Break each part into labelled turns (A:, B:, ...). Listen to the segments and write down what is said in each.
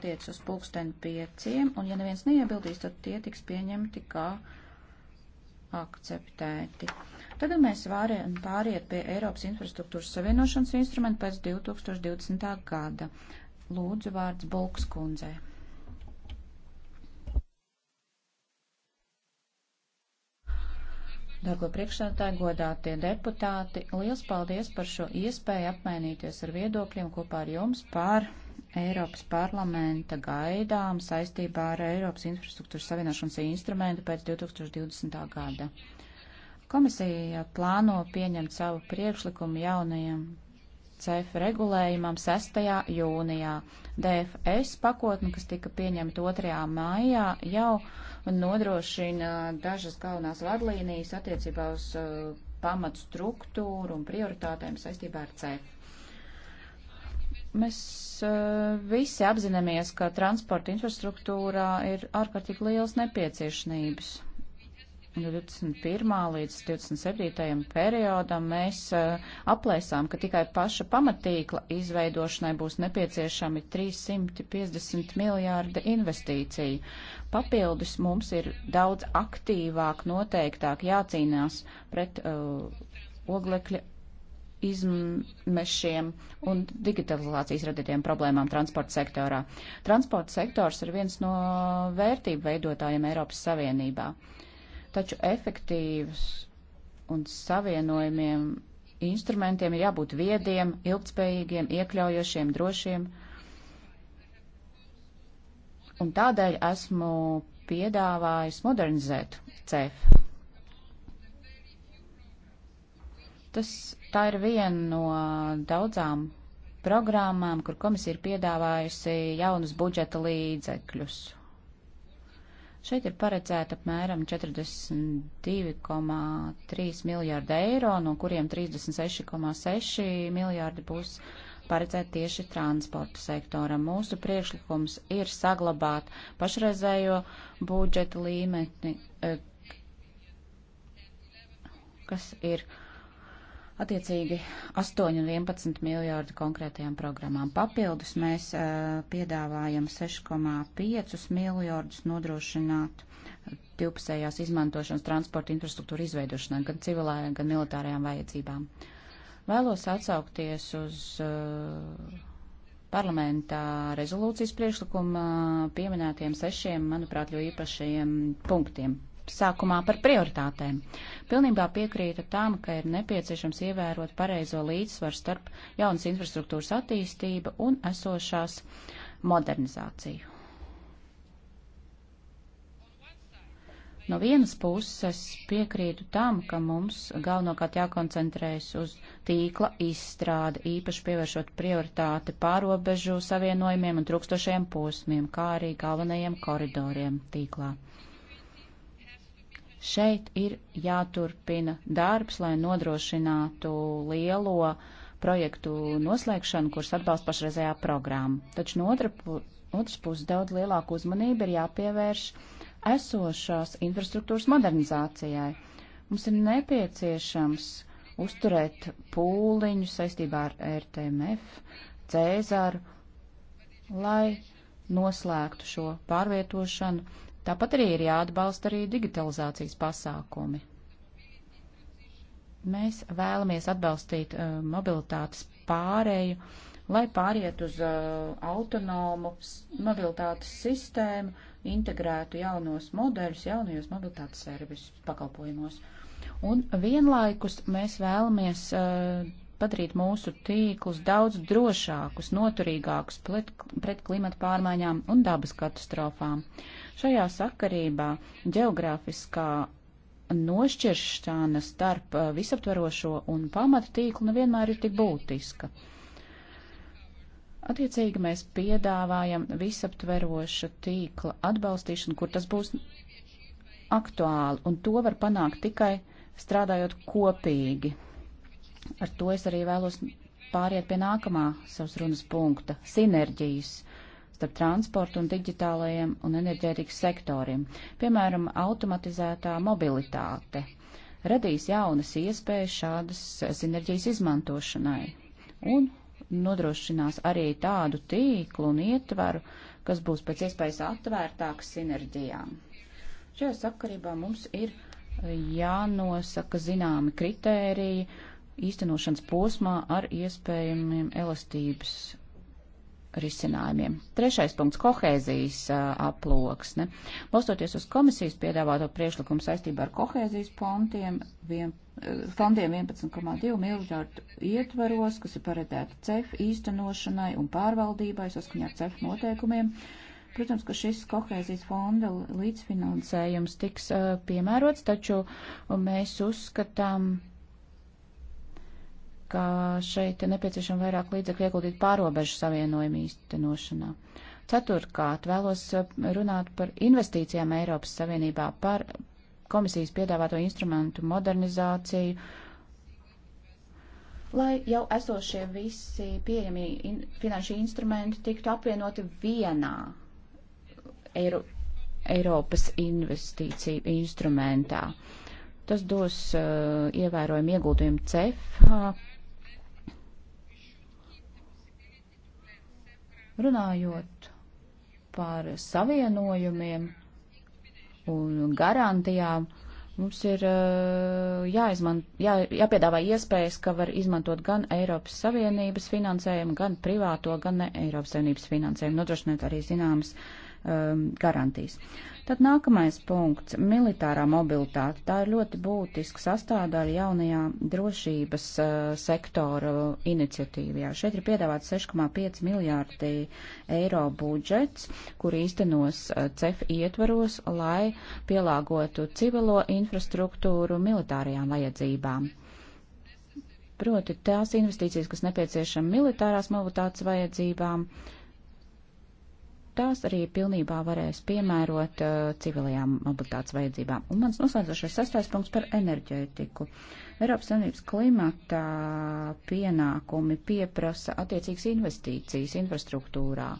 A: attiec uz pulksteni pieciem, un ja neviens neiebildīs, tad tie tiks pieņemti kā akceptēti. Tagad mēs varam pāriet pie Eiropas infrastruktūras savienošanas instrumentu pēc 2020. gada. Lūdzu vārds Bolks kundzē. Dargo priekšsētāji, godātie deputāti, liels paldies par šo iespēju apmainīties ar viedokļiem kopā ar jums par Eiropas parlamenta gaidām saistībā ar Eiropas infrastruktūras savienošanas instrumentu pēc 2020. gada. Komisija plāno pieņemt savu priekšlikumu jaunajam CEF regulējumam 6. jūnijā. DFS pakotni, kas tika pieņemta 2. maijā, jau nodrošina dažas galvenās vadlīnijas attiecībā uz uh, pamatstruktūru un prioritātēm saistībā ar CEF. Mēs uh, visi apzināmies, ka transporta infrastruktūrā ir ārkārtīgi liels nepieciešamības. 21. līdz 27. periodam mēs uh, aplēsām, ka tikai paša pamatīkla izveidošanai būs nepieciešami 350 miljārdi investīciju. Papildus mums ir daudz aktīvāk, noteiktāk jācīnās pret uh, oglekļa izmešiem un digitalizācijas radītiem problēmām transporta sektorā. Transporta sektors ir viens no vērtību veidotājiem Eiropas Savienībā, taču efektīvs un savienojumiem instrumentiem ir jābūt viediem, ilgtspējīgiem, iekļaujošiem, drošiem. Un tādēļ esmu piedāvājis modernizēt CEF. Tas Tā ir viena no daudzām programmām, kur komisija ir piedāvājusi jaunus budžeta līdzekļus. Šeit ir paredzēta apmēram 42,3 miljārdi eiro, no kuriem 36,6 miljārdi būs paredzēti tieši transporta sektoram. Mūsu priekšlikums ir saglabāt pašreizējo budžeta līmeni, eh, kas ir 11,5 Attiecīgi 8 un 11 miljārdi konkrētajām programmām. Papildus mēs uh, piedāvājam 6,5 miljārdus nodrošināt divpusējās izmantošanas transporta infrastruktūra izveidošanai gan civilajām, gan militārajām vajadzībām. Vēlos atsaukties uz uh, parlamentā rezolūcijas priekšlikuma pieminētiem sešiem, manuprāt, jo īpašajiem punktiem sākumā par prioritātēm. Pilnībā piekrītu tam, ka ir nepieciešams ievērot pareizo līdzsvaru starp jaunas infrastruktūras attīstību un esošās modernizāciju. No vienas puses piekrītu tam, ka mums galvenokārt jākoncentrējas uz tīkla izstrādi, īpaši pievēršot prioritāti pārobežu savienojumiem un trūkstošajiem posmiem, kā arī galvenajiem koridoriem tīklā. Šeit ir jāturpina darbs, lai nodrošinātu lielo projektu noslēgšanu, kurus atbalsta pašreizējā programma. Taču no otra, otras puses daudz lielāku uzmanību ir jāpievērš esošās infrastruktūras modernizācijai. Mums ir nepieciešams uzturēt pūliņu saistībā ar RTMF, Cēzaru, lai noslēgtu šo pārvietošanu Tāpat arī ir jāatbalsta arī digitalizācijas pasākumi. Mēs vēlamies atbalstīt uh, mobilitātes pārēju, lai pāriet uz uh, autonomu mobilitātes sistēmu, integrētu jaunos modeļus, jaunajos mobilitātes servisu pakalpojumos. Un vienlaikus mēs vēlamies uh, padarīt mūsu tīklus daudz drošākus, noturīgākus pret, pret klimata pārmaiņām un dabas katastrofām. Šajā sakarībā geogrāfiskā nošķiršana starp eh, visaptverošo un pamata tīklu nevienmēr ir tik būtiska. Attiecīgi mēs piedāvājam visaptveroša tīkla atbalstīšanu, kur tas būs aktuāli, un to var panākt tikai strādājot kopīgi Ar to es arī vēlos pāriet pie nākamā savas runas punkta - sinerģijas starp transportu un digitālajiem un enerģētikas sektoriem, piemēram, automatizētā mobilitāte, radīs jaunas iespējas šādas sinerģijas izmantošanai un nodrošinās arī tādu tīklu un ietvaru, kas būs pēc iespējas atvērtāks sinerģijām. Šajā sakarībā mums ir jānosaka zināmi kritēriji, īstenošanas posmā ar iespējamiem elastības risinājumiem. Trešais punkts - kohēzijas aploksne. Balstoties uz komisijas piedāvāto priešlikumu saistībā ar kohēzijas pontiem, vien, fondiem 11,2 miljārdu ietvaros, kas ir paredzēti CEF īstenošanai un pārvaldībai saskaņā ar CEF noteikumiem. Protams, ka šis kohēzijas fonda līdzfinansējums tiks uh, piemērots, taču mēs uzskatām, ka šeit ir nepieciešama vairāk līdzekļu ieguldīt pārobežu savienojumu īstenošanā. Ceturkārt, vēlos uh, runāt par investīcijām Eiropas Savienībā, par komisijas piedāvāto instrumentu modernizāciju, lai jau esošie visi pieejamie in finanšu instrumenti tiktu apvienoti vienā Eiro Eiropas investīciju instrumentā. Tas dos uh, ievērojumu ieguldījumu CEF uh, Runājot par savienojumiem un garantijām, mums ir eh, jāizman, jā, jāpiedāvā iespējas, ka var izmantot gan Eiropas Savienības finansējumu, gan privāto, gan ne Eiropas Savienības finansējumu, nodrošinot arī zināmas um, garantijas. Tad nākamais punkts - militārā mobilitāte. Tā ir ļoti būtiska sastāvdaļa jaunajā drošības uh, sektora iniciatīvajā. Šeit ir piedāvāts 6,5 miljārdi eiro budžets, kur īstenos eh, CEF ietvaros, lai pielāgotu civilo infrastruktūru militārajām vajadzībām. Proti tās investīcijas, kas nepieciešama militārās mobilitātes vajadzībām, uh, tās arī pilnībā varēs piemērot uh, civilajām mobilitātes vajadzībām. Un mans noslēdzošais sastais punkts par enerģētiku. Eiropas Savienības klimata pienākumi pieprasa attiecīgas investīcijas infrastruktūrā,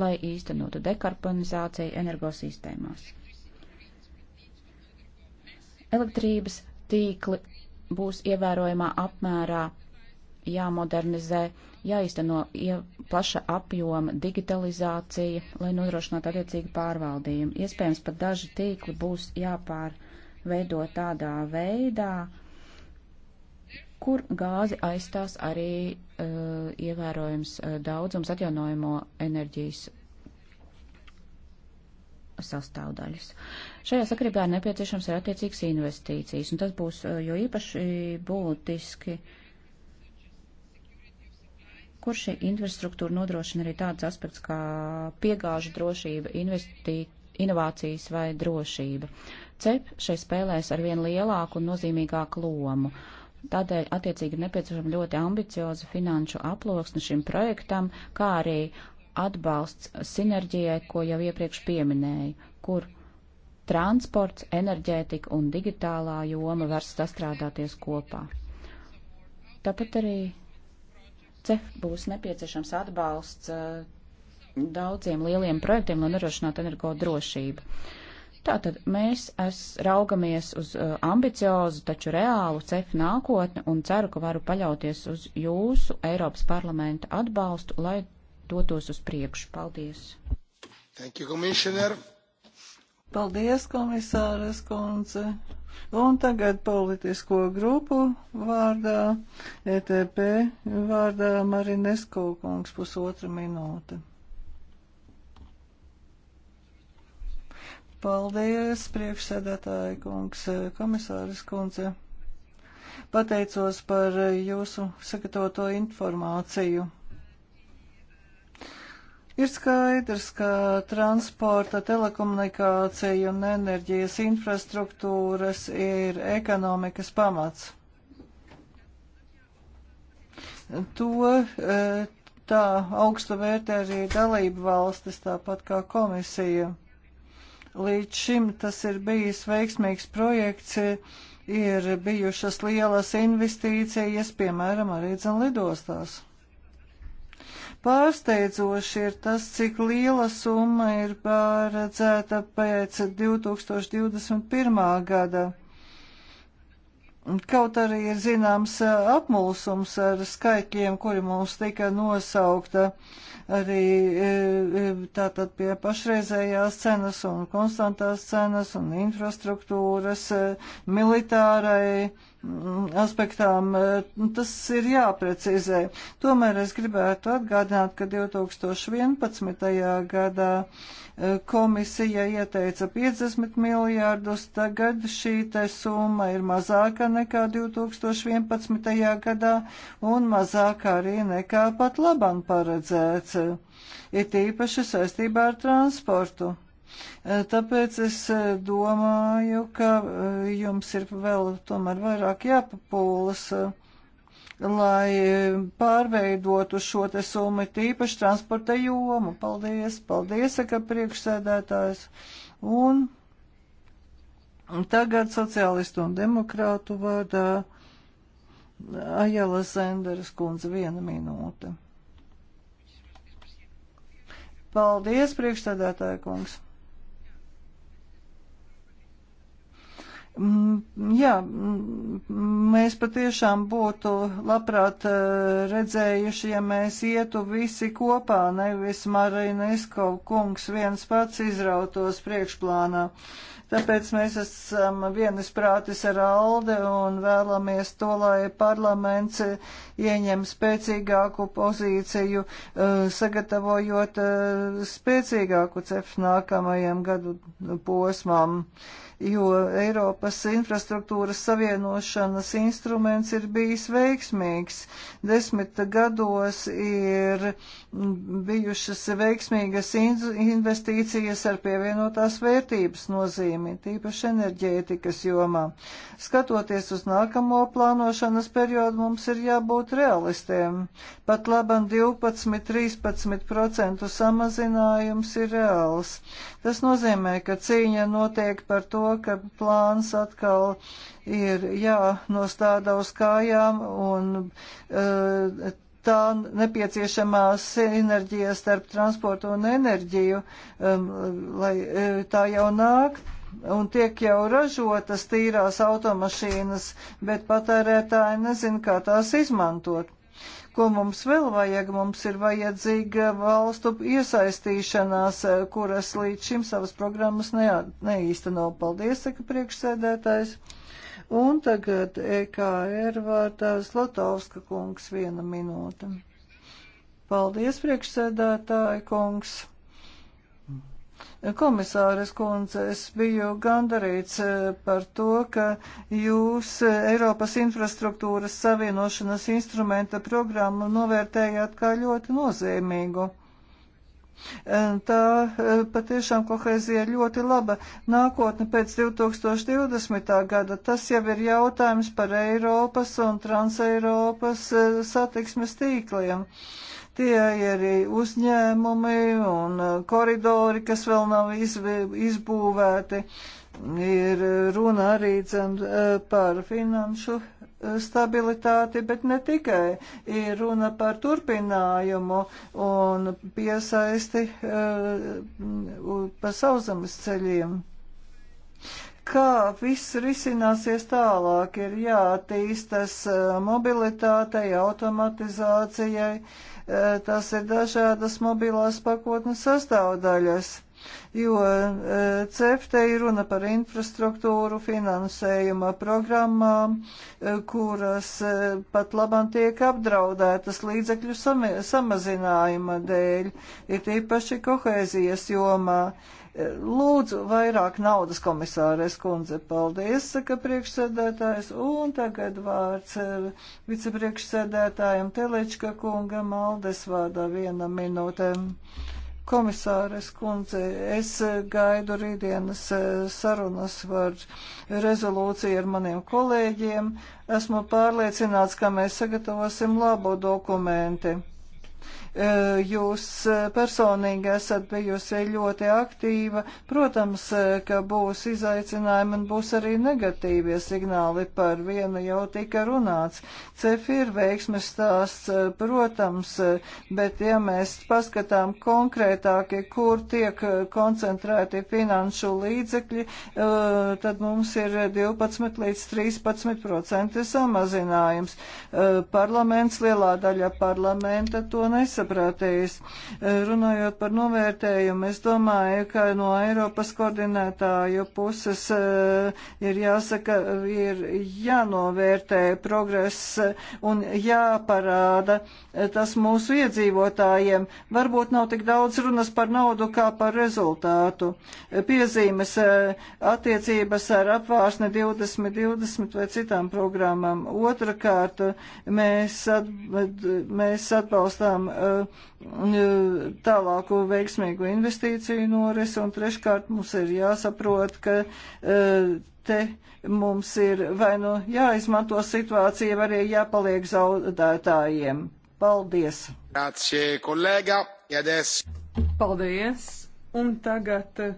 A: lai īstenotu dekarbonizāciju energosistēmās. Elektrības tīkli būs ievērojamā apmērā jāmodernizē, jāizteno ja plaša apjoma digitalizācija, lai nodrošinātu attiecīgu pārvaldījumu. Iespējams, pat daži tīkli būs jāpārveido tādā veidā, kur gāzi aizstās arī uh, ievērojams uh, daudzums atjaunojamo enerģijas sastāvdaļas. Šajā sakarībā ir nepieciešams ir attiecīgas investīcijas, un tas būs e, jo īpaši būtiski uh, kur šī infrastruktūra nodrošina arī tādus aspektus kā piegāžu drošība, investīt, inovācijas vai drošība. CEP šeit spēlēs ar vien lielāku un nozīmīgāku lomu. Tādēļ attiecīgi ir nepieciešama ļoti ambicioza finanšu aploksne šim projektam, kā arī atbalsts sinerģijai, ko jau iepriekš pieminēju, kur transports, enerģētika un digitālā joma var sastrādāties kopā. Tāpat arī CEF būs nepieciešams atbalsts eh, daudziem lieliem projektiem, lai nodrošinātu energo drošību. Tātad mēs es raugamies uz eh, ambiciozu, taču reālu CEF nākotni un ceru, ka varu paļauties uz jūsu Eiropas parlamenta atbalstu, lai dotos uz priekšu. Paldies!
B: Thank you,
A: Paldies, komisāres kundze!
C: Un tagad politisko grupu vārdā, ETP vārdā Marinesko kungs pusotra minūte. Paldies, priekšsēdētāji kungs, komisāris kundze. Pateicos par jūsu sagatavoto informāciju. Ir skaidrs, ka transporta, telekomunikācija un enerģijas infrastruktūras ir ekonomikas pamats. To eh, tā augstu vērtē arī dalību valstis, tāpat kā komisija. Līdz šim tas ir bijis veiksmīgs projekts, ir bijušas lielas investīcijas, piemēram, arī dzen lidostās. Pārsteidzoši ir tas, cik liela summa ir paredzēta pēc 2021. gada. Kaut arī ir zināms apmulsums ar skaitļiem, kuri mums tika nosaukta arī tātad pie pašreizējās cenas un konstantās cenas un infrastruktūras militārai aspektām nu, tas ir jāprecizē. Tomēr es gribētu atgādināt, ka 2011. gadā komisija ieteica 50 miljārdus, tagad šī te summa ir mazāka nekā 2011. gadā un mazāk arī nekā pat labam paredzēts, it īpaši saistībā ar transportu. E, tāpēc es e, domāju, ka e, jums ir vēl tomēr vairāk jāpapūlas, lai pārveidotu šo te summu tīpaši transporta jomu. Paldies, paldies, saka priekšsēdētājs. Un Un tagad sociālistu un demokrātu vārdā Ajala Senderas kundze viena minūte. Paldies, priekšstādātāja kungs! Mm, jā, mm, mēs patiešām būtu labprāt eh, redzējuši, ja mēs ietu visi kopā, nevis Marinesko kungs viens pats izrautos priekšplānā. Tāpēc mēs esam vienas prātis ar Alde un vēlamies to, lai parlaments ieņem spēcīgāku pozīciju, eh, sagatavojot eh, spēcīgāku cef nākamajam gadu posmām jo Eiropas infrastruktūras savienošanas instruments ir bijis veiksmīgs. Desmit gados ir bijušas veiksmīgas investīcijas ar pievienotās vērtības nozīmi, tīpaši enerģētikas jomā. Skatoties uz nākamo plānošanas periodu, mums ir jābūt realistiem. Pat labam 12-13% samazinājums ir reāls. Tas nozīmē, ka cīņa notiek par to, to, ka plāns atkal ir jānostāda uz kājām un uh, tā nepieciešamā sinerģija starp transportu un enerģiju, um, lai eh, tā jau nāk. Un tiek jau ražotas tīrās automašīnas, bet patērētāji nezin, kā tās izmantot. Ko mums vēl vajag? Mums ir vajadzīga valstu iesaistīšanās, eh, kuras līdz šim savas programmas ne, neīsteno. Paldies, saka priekšsēdētājs. Un tagad EKR vārdā Zlatovska kungs viena minūte. Paldies, priekšsēdētāji kungs. Komisāres kundze, es biju gandarīts eh, par to, ka jūs eh, Eiropas infrastruktūras savienošanas instrumenta programmu novērtējāt kā ļoti nozīmīgu. Eh, tā patiešām kohēzija ir ļoti laba. Nākotne pēc 2020. gada tas jau ir jautājums par Eiropas un Transeiropas satiksmes tīkliem. Uh, Tie ir arī uzņēmumi un uh, koridori, kas vēl nav izbūvēti. Ir uh, runa arī cen, uh, par finanšu stabilitāti, bet ne tikai. Ir runa par turpinājumu un piesaisti uh, pa sauszemes ceļiem kā viss risināsies tālāk, ir jātīstas eh, mobilitātei, automatizācijai, eh, tas ir dažādas mobilās pakotnes sastāvdaļas jo eh, CEFTE ir runa par infrastruktūru finansējuma programmām, kuras pat labam tiek apdraudētas līdzekļu samazinājuma dēļ, ir tīpaši kohēzijas jomā. Lūdzu, vairāk naudas komisāres kundze. Paldies, saka priekšsēdētājs. Un tagad vārds eh, vicepriekšsēdētājiem Telečka kungam Aldes vārdā viena minūte. Komisāres kundze, es eh, gaidu rītdienas eh, sarunas par rezolūciju ar maniem kolēģiem. Esmu pārliecināts, ka mēs sagatavosim labu dokumenti. Eh, jūs eh, personīgi esat bijusi ļoti aktīva. Protams, eh, ka būs izaicinājumi un būs arī negatīvie signāli par vienu jau tika runāts. CEF ir veiksmes stāsts, protams, bet ja mēs paskatām konkrētāki, kur tiek koncentrēti finanšu līdzekļi, tad mums ir 12 līdz 13 procenti samazinājums. Parlaments, lielā daļa parlamenta to nesaprot nesaprātījis. E, runājot par novērtējumu, es domāju, ka no Eiropas koordinētāju puses e, ir jāsaka, ir jānovērtē progress un jāparāda e, tas mūsu iedzīvotājiem. Varbūt nav tik daudz runas par naudu kā par rezultātu. Piezīmes attiecības ar apvārsni 2020 vai citām programmām. Otrakārt, mēs, at, mēs atbalstām uh, tālāku veiksmīgu investīciju norisi, un treškārt mums ir jāsaprot, ka e, te mums ir vai nu jāizmanto situācija, vai arī jāpaliek zaudētājiem. Paldies! Grazie, kolēga! Jades.
B: Paldies! Un tagad e,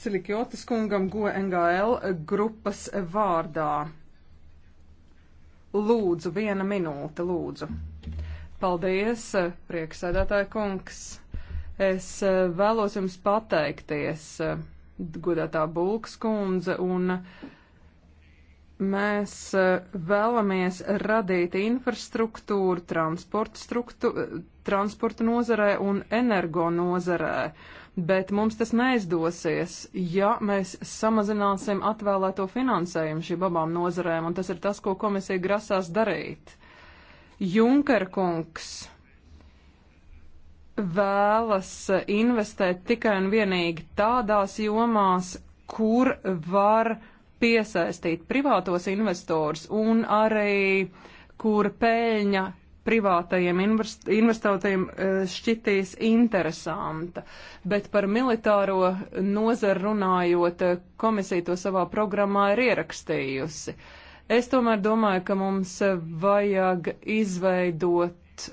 B: Silikjotas kungam go NGL grupas vārdā. Lūdzu, viena minūte, lūdzu. Paldies, prieksēdētāja kungs. Es eh, vēlos jums pateikties, eh, godātā Bulks kundze, un mēs eh, vēlamies radīt infrastruktūru transporta, transporta nozarē un energo nozarē bet mums tas neizdosies, ja mēs samazināsim atvēlēto finansējumu šīm abām nozarēm, un tas ir tas, ko komisija grasās darīt. Junkerkungs vēlas investēt tikai un vienīgi tādās jomās, kur var piesaistīt privātos investors un arī kur peļņa privātajiem investoriem e, šķitīs interesanta. Bet par militāro nozaru runājot, e, komisija to savā programmā ir ierakstījusi. Uh, Es tomēr domāju, ka mums eh, vajag izveidot,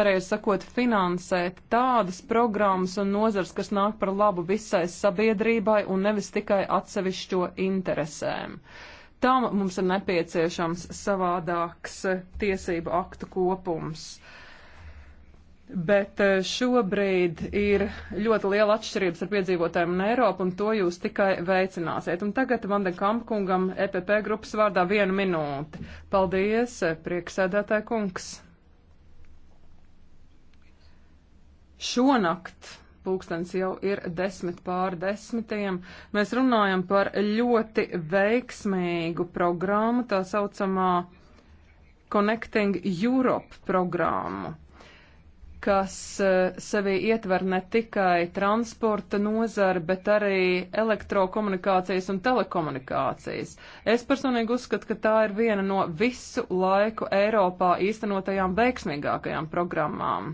B: pareizi sakot, finansēt tādas programmas un nozars, kas nāk par labu visai sabiedrībai un nevis tikai atsevišķo interesēm. Tam mums ir nepieciešams savādāks eh, tiesību aktu kopums. Uh, Bet eh, šobrīd ir ļoti liela atšķirība starp iedzīvotājiem un Eiropu, un to jūs tikai veicināsiet. Un tagad Vanden Kampkungam EPP grupas vārdā vienu minūti. Paldies, eh, prieksēdētāja kungs. Šonakt pulkstens jau ir desmit pār desmitiem. Mēs runājam par ļoti veiksmīgu programmu, tā saucamā Connecting Europe programmu kas eh, sevī ietver ne tikai transporta nozari, bet arī elektrokomunikācijas un telekomunikācijas. Es personīgi uzskatu, ka tā ir viena no visu laiku Eiropā īstenotajām veiksmīgākajām programmām.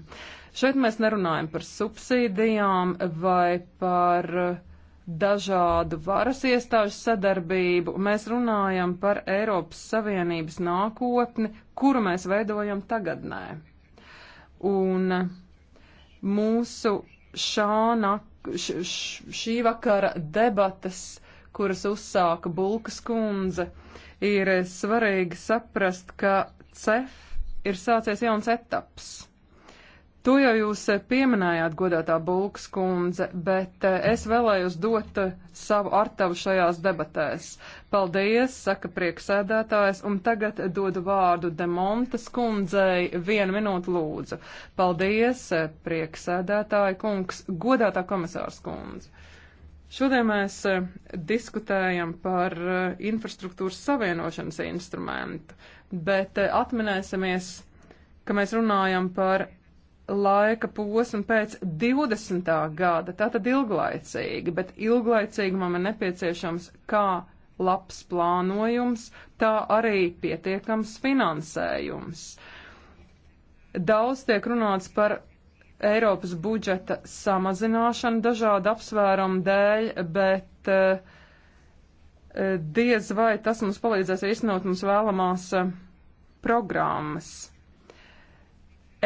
B: Šeit mēs nerunājam par subsīdijām vai par eh, dažādu varas iestāžu sadarbību, mēs runājam par Eiropas Savienības nākotni, kuru mēs veidojam tagadnē un mūsu šāna, š, š, šī vakara debatas, kuras uzsāka Bulkas kundze, ir svarīgi saprast, ka CEF ir sācies jauns etaps. To jau jūs eh, pieminējāt, godātā Bulks kundze, bet eh, es vēlējos dot eh, savu artavu šajās debatēs. Paldies, saka prieksēdētājs, un tagad dodu vārdu Demontas kundzei vienu minūtu lūdzu. Paldies, prieksēdētāja kungs, godātā komisārs kundze. Šodien mēs diskutējam par infrastruktūras savienošanas instrumentu, bet atminēsimies, ka mēs runājam par laika posmu pēc 20. gada, tātad ilglaicīgi, bet ilglaicīgi man ir nepieciešams kā labs plānojums, tā arī pietiekams finansējums. Daudz tiek runāts par Eiropas budžeta samazināšanu dažādu apsvērumu dēļ, bet uh, diez vai tas mums palīdzēs īstenot mums vēlamās uh, programmas.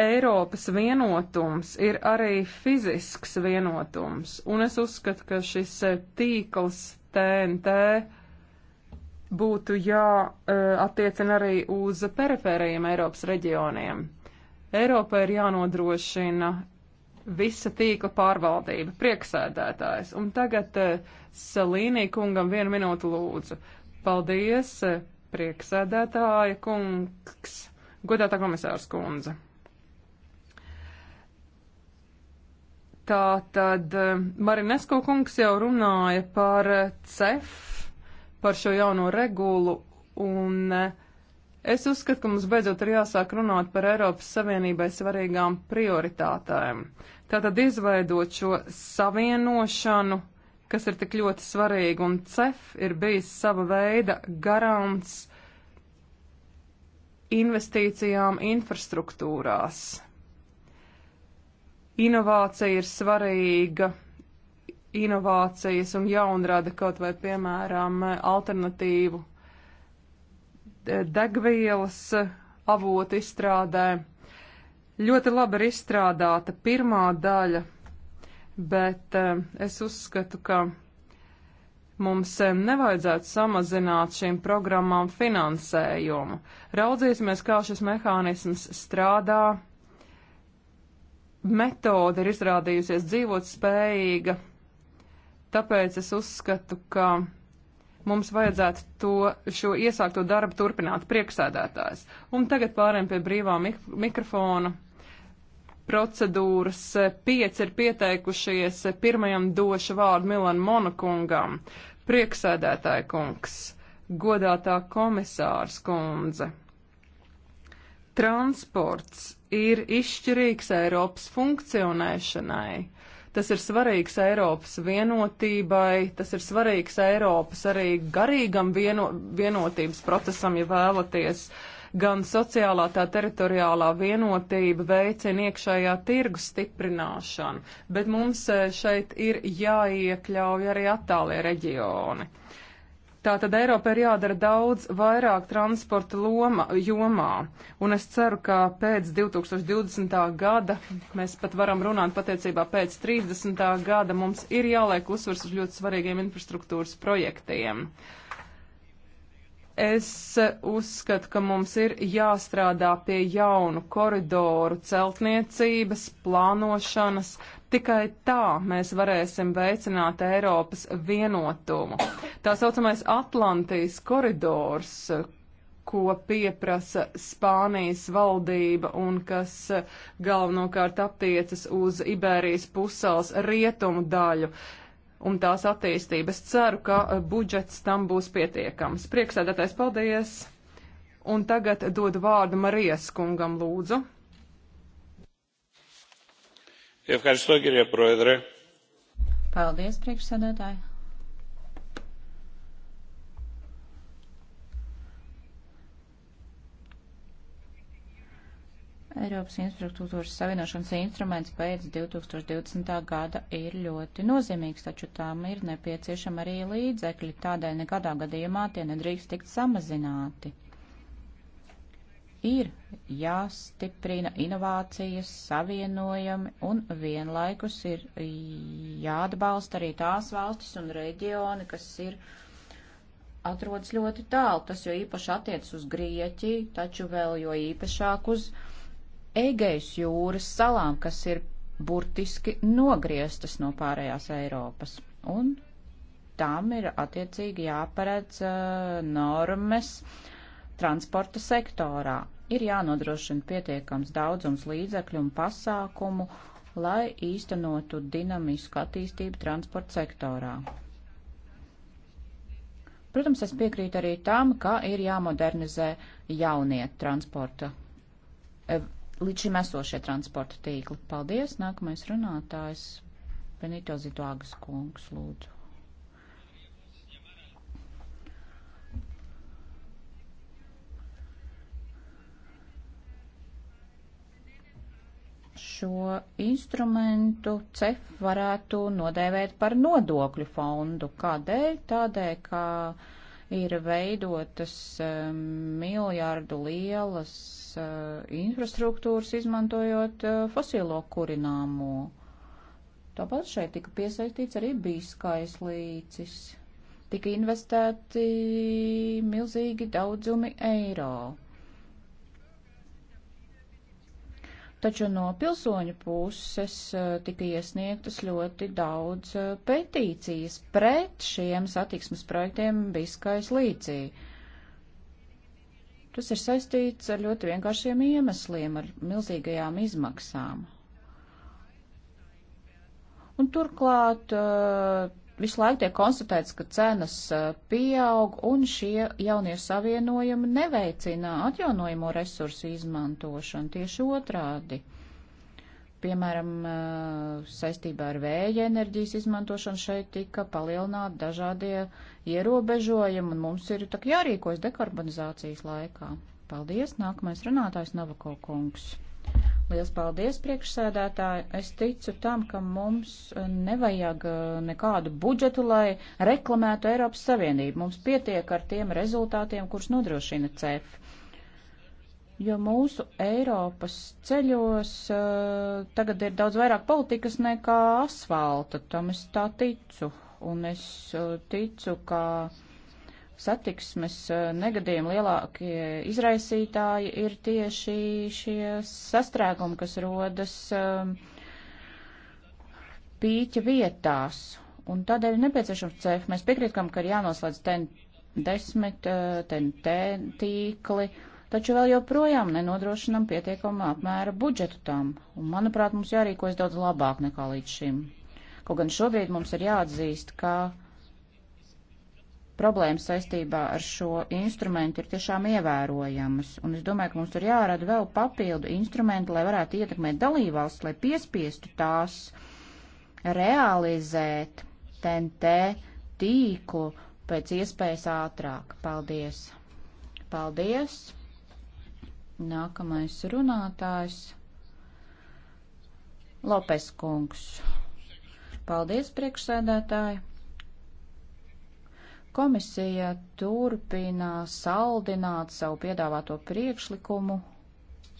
B: Eiropas vienotums ir arī fizisks vienotums, un es uzskatu, ka šis eh, tīkls TNT būtu jāattiecina eh, arī uz perifērajiem Eiropas reģioniem. Eiropai ir jānodrošina visa tīkla pārvaldība, prieksēdētājs. Un tagad eh, Salīnī kungam vienu minūtu lūdzu. Paldies, prieksēdētāja kungs, godātā komisārs kundze. Tā tad eh, Marinesko kungs jau runāja par eh, CEF, par šo jauno regulu, un eh, es uzskatu, ka mums beidzot ir jāsāk runāt par Eiropas Savienībai svarīgām prioritātēm. Tātad izveidot šo savienošanu, kas ir tik ļoti svarīga, un CEF ir bijis sava veida garants investīcijām infrastruktūrās Inovācija ir svarīga. Inovācijas un jaunrada kaut vai, piemēram, alternatīvu e, degvielas e, avotu izstrādē. Ļoti labi ir izstrādāta pirmā daļa, bet e, es uzskatu, ka mums nevajadzētu samazināt šīm programmām finansējumu. Raudzīsimies, kā šis mehānisms strādā, metode ir izrādījusies dzīvot spējīga, tāpēc es uzskatu, ka mums vajadzētu to, šo iesākto darbu turpināt priekšsēdētājs. Un tagad pārējām pie brīvā mik mikrofona procedūras. Pieci ir pieteikušies, pirmajam došu vārdu Milan Monokungam, priekšsēdētāja kungs, godātā komisārs kundze. Transports ir izšķirīgs Eiropas funkcionēšanai. Tas ir svarīgs Eiropas vienotībai, tas ir svarīgs Eiropas arī garīgam vieno, vienotības procesam, ja vēlaties. Gan sociālā, tā teritoriālā vienotība veicina iekšējā tirgus stiprināšanu, bet mums eh, šeit ir jāiekļauj arī attālie reģioni. Tātad Eiropa ir jādara daudz vairāk transporta loma, jomā, un es ceru, ka pēc 2020. gada, mēs pat varam runāt patiecībā pēc 30. gada, mums ir jāliek uzsvers uz ļoti svarīgiem infrastruktūras projektiem. Es uzskatu, ka mums ir jāstrādā pie jaunu koridoru celtniecības, plānošanas. Tikai tā mēs varēsim veicināt Eiropas vienotumu. Tā saucamais Atlantijas koridors, ko pieprasa Spānijas valdība un kas galvenokārt attiecas uz Iberijas pusēls rietumu daļu un tās attīstības. Ceru, ka e, budžets tam būs pietiekams. Prieksēdētais, paldies! Un tagad dod vārdu Marijas kungam lūdzu.
C: Paldies,
A: priekšsēdētāji! Eiropas infrastruktūras savienošanas instruments pēc 2020. gada ir ļoti nozīmīgs, taču tām ir nepieciešama arī līdzekļi, tādēļ nekādā gadījumā tie nedrīkst tikt samazināti. Ir jāstiprina inovācijas, savienojami un vienlaikus ir jāatbalsta arī tās valstis un reģioni, kas ir atrodas ļoti tālu. Tas jo īpaši attiec uz Grieķiju, taču vēl jo īpašāk uz. Uh, Egejas jūras salām, kas ir burtiski nogrieztas no pārējās Eiropas. Un tām ir attiecīgi jāparedz uh, normas transporta sektorā. Ir jānodrošina pietiekams daudzums līdzekļu un pasākumu, lai īstenotu dinamisku attīstību transporta sektorā. Protams, es piekrītu arī tam, ka ir jāmodernizē jaunie transporta eh, līdz šim esošie transporta tīkli. Paldies. Nākamais runātājs Benito Zituāgas kungs, lūdzu. Šo instrumentu CEF varētu nodēvēt par nodokļu fondu. Kādēļ? Tādēļ, ka. Kā ir veidotas um, miljārdu lielas uh, infrastruktūras, izmantojot uh, fosilo kurināmo. Tāpat šeit tika piesaistīts arī bīskais līcis. Tika investēti milzīgi daudzumi eiro. taču no pilsoņu puses eh, tika iesniegtas ļoti daudz eh, petīcijas pret šiem satiksmes projektiem Biskais līcī. Tas ir saistīts ar ļoti vienkāršiem iemesliem, ar milzīgajām izmaksām. Un turklāt uh, visu laiku tiek konstatēts, ka cenas eh, pieaug un šie jaunie savienojumi neveicina atjaunojamo resursu izmantošanu tieši otrādi. Piemēram, eh, saistībā ar vēja enerģijas izmantošanu šeit tika palielināti dažādie ierobežojumi, un mums ir tā jārīkojas dekarbonizācijas laikā. Paldies, nākamais runātājs Navako kungs. Liels paldies, priekšsēdētāji. Es ticu tam, ka mums eh, nevajag eh, nekādu budžetu, lai reklamētu Eiropas Savienību. Mums pietiek ar tiem rezultātiem, kurus nodrošina CEF. Jo mūsu Eiropas ceļos uh, tagad ir daudz vairāk politikas nekā asfalta, tam es tā ticu. Un es uh, ticu, ka. Kā satiksmes eh, negadījumi lielākie izraisītāji ir tieši šie sastrēgumi, kas rodas eh, pīķa vietās. Un tādēļ ir nepieciešams cef. Mēs piekrītam, ka ir jānoslēdz ten desmit, eh, ten tē tīkli, taču vēl joprojām nenodrošinam pietiekamā apmēra budžetu tam. Un, manuprāt, mums jārīkojas daudz labāk nekā līdz šim. Kaut gan šobrīd mums ir jāatzīst, ka problēmas saistībā ar šo instrumentu ir tiešām ievērojamas. Un es domāju, ka mums tur jārada vēl papildu instrumenti, lai varētu ietekmēt dalībvalsts, lai piespiestu tās realizēt TNT tīklu pēc iespējas ātrāk. Paldies! Paldies! Nākamais runātājs Lopes kungs. Paldies, priekšsēdētāji! Komisija turpina saldināt savu piedāvāto priekšlikumu,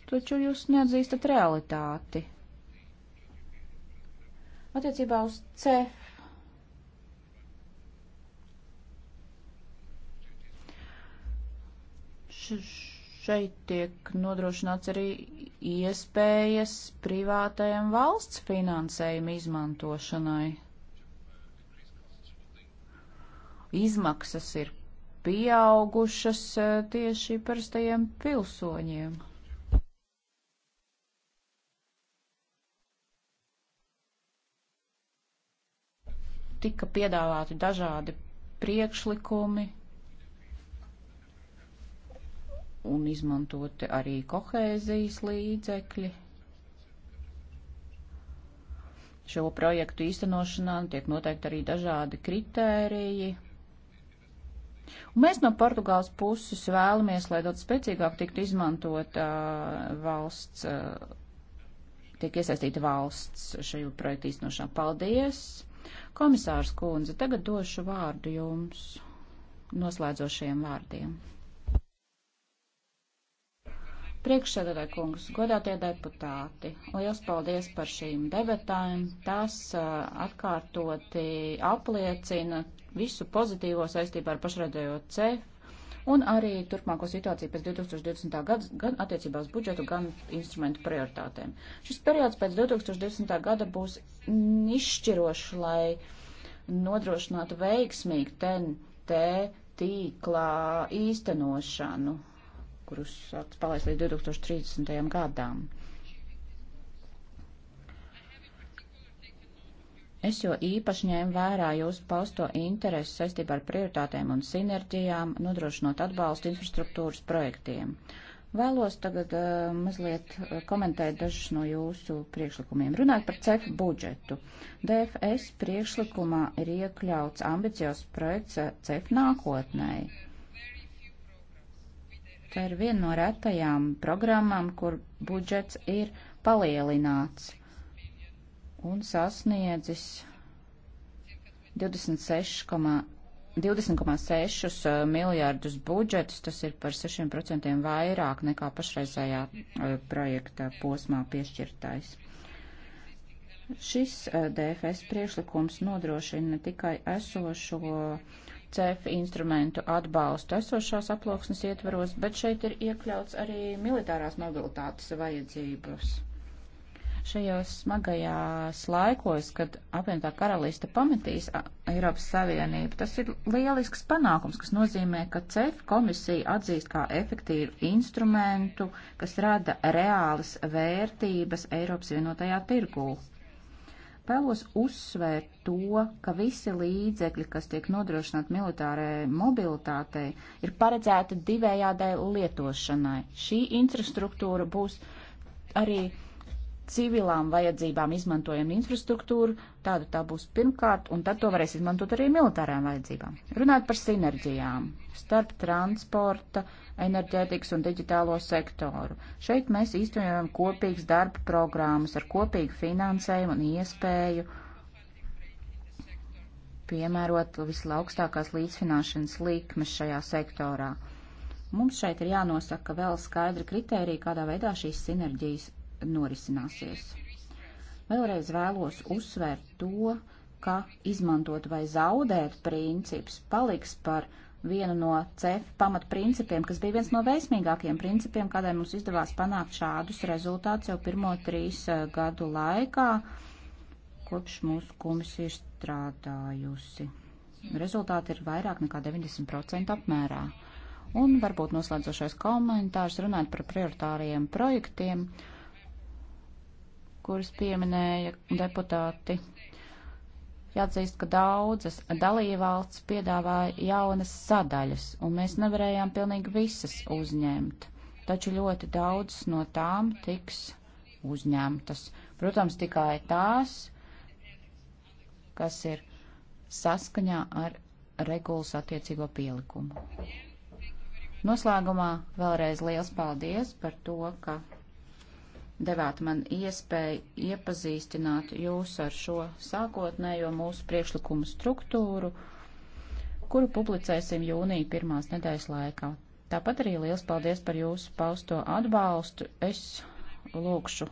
A: taču jūs neatzīstat realitāti. Attiecībā uz CEF šeit tiek nodrošināts arī iespējas privātajam valsts finansējuma izmantošanai izmaksas ir pieaugušas e, tieši parastajiem pilsoņiem. Tika piedāvāti dažādi priekšlikumi un izmantoti arī kohēzijas līdzekļi. Šo projektu īstenošanā tiek noteikti arī dažādi kritēriji Un mēs no Portugāles puses vēlamies, lai daudz spēcīgāk tiktu izmantot uh, valsts, uh, tiek iesaistīta valsts šajā projekta īstenošanā. Paldies! Komisārs Kūnze, tagad došu vārdu jums noslēdzošajiem vārdiem. Priekšsēdētāj kungs, godātie deputāti, liels paldies par šīm debatēm. Tas atkārtoti apliecina visu pozitīvo saistībā ar pašreizējo CEF un arī turpmāko situāciju pēc 2020. gada gan attiecībā uz budžetu, gan instrumentu prioritātēm. Šis periods pēc 2020. gada būs izšķirošs, lai nodrošinātu veiksmīgu TNT tīklā īstenošanu kurus palaist līdz 2030. gadām. Es jo īpaši ņēmu vērā jūsu pausto interesi saistībā ar prioritātēm un sinerģijām, nodrošinot atbalstu infrastruktūras projektiem. Vēlos tagad uh, mazliet eh, komentēt dažus no jūsu priekšlikumiem. Runājot par CEF budžetu. DFS priekšlikumā ir iekļauts ambiciozs projekts eh, CEF nākotnēji. Tā ir viena no retajām programmām, kur budžets ir palielināts un sasniedzis 26,6 20, miljārdus budžetus. Tas ir par 6% vairāk nekā pašreizējā eh, projekta posmā piešķirtais. Šis eh, DFS priekšlikums nodrošina ne tikai esošo uh, CEF instrumentu atbalstu esošās aploksnes ietvaros, bet šeit ir iekļauts arī militārās mobilitātes vajadzības. Šajos smagajās laikos, kad apvienotā karaliste pametīs Eiropas Savienību, tas ir lielisks panākums, kas nozīmē, ka CEF komisija atzīst kā efektīvu instrumentu, kas rada reālas vērtības Eiropas vienotajā tirgū. Vēlos uzsvērt to, ka visi līdzekļi, kas tiek nodrošināti militārajai mobilitātei, ir paredzēti divējādai lietošanai. Šī infrastruktūra būs arī civilām vajadzībām izmantojam infrastruktūru, tādu tā būs pirmkārt, un tad to varēs izmantot arī militārām vajadzībām. Runāt par sinerģijām starp transporta, enerģētikas un digitālo sektoru. Šeit mēs īstenojam kopīgas darba programmas ar kopīgu finansējumu un iespēju piemērot vislaukstākās līdzfināšanas likmes šajā sektorā. Mums šeit ir jānosaka vēl skaidri kriteriji, kādā veidā šīs sinerģijas norisināsies. Vēlreiz vēlos uzsvērt to, ka izmantot vai zaudēt princips paliks par vienu no CEF pamatprincipiem, kas bija viens no veiksmīgākajiem principiem, kādēļ mums izdevās panākt šādus rezultātus jau pirmo trīs eh, gadu laikā, kopš mūsu komisija ir strādājusi. Rezultāti ir vairāk nekā 90% apmērā. Un varbūt noslēdzošais komentārs runājot par prioritāriem projektiem. Uh, kurus pieminēja deputāti. Jāatzīst, ka daudzas dalībvalsts piedāvāja jaunas sadaļas, un mēs nevarējām pilnīgi visas uzņemt. Taču ļoti daudzas no tām tiks uzņemtas. Protams, tikai tās, kas ir saskaņā ar regulas attiecīgo pielikumu. Noslēgumā vēlreiz liels paldies par to, ka devāt man iespēju iepazīstināt jūs ar šo sākotnējo mūsu priekšlikumu struktūru, kuru publicēsim jūnija pirmās nedēļas laikā. Tāpat arī liels paldies par jūsu pausto atbalstu. Es lūkšu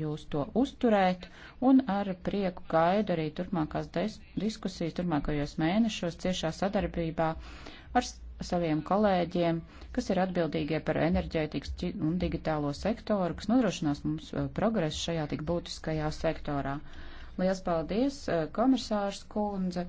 A: jūs to uzturēt un ar prieku gaidu arī turpmākās diskusijas turpmākajos mēnešos ciešā sadarbībā ar saviem kolēģiem, kas ir atbildīgie par enerģētikas un digitālo sektoru, kas nodrošinās mums eh, progresu šajā tik būtiskajā sektorā. Lielas paldies, eh, komisārs kundze!